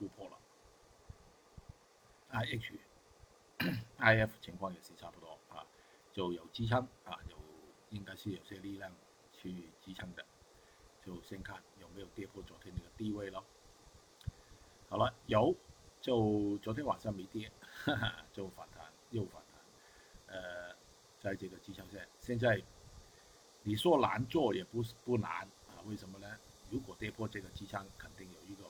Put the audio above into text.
突破了 IH IF 情況也是差不多啊，就有支撐啊，有，應該是有些力量去支撐的，就先看有沒有跌破昨天那個低位咯。好了，有，就昨天晚上沒跌，哈哈，就反彈又反彈。呃，在這個支撐線，現在你說難做也不是不難啊，為什麼呢？如果跌破這個支撐，肯定有一個。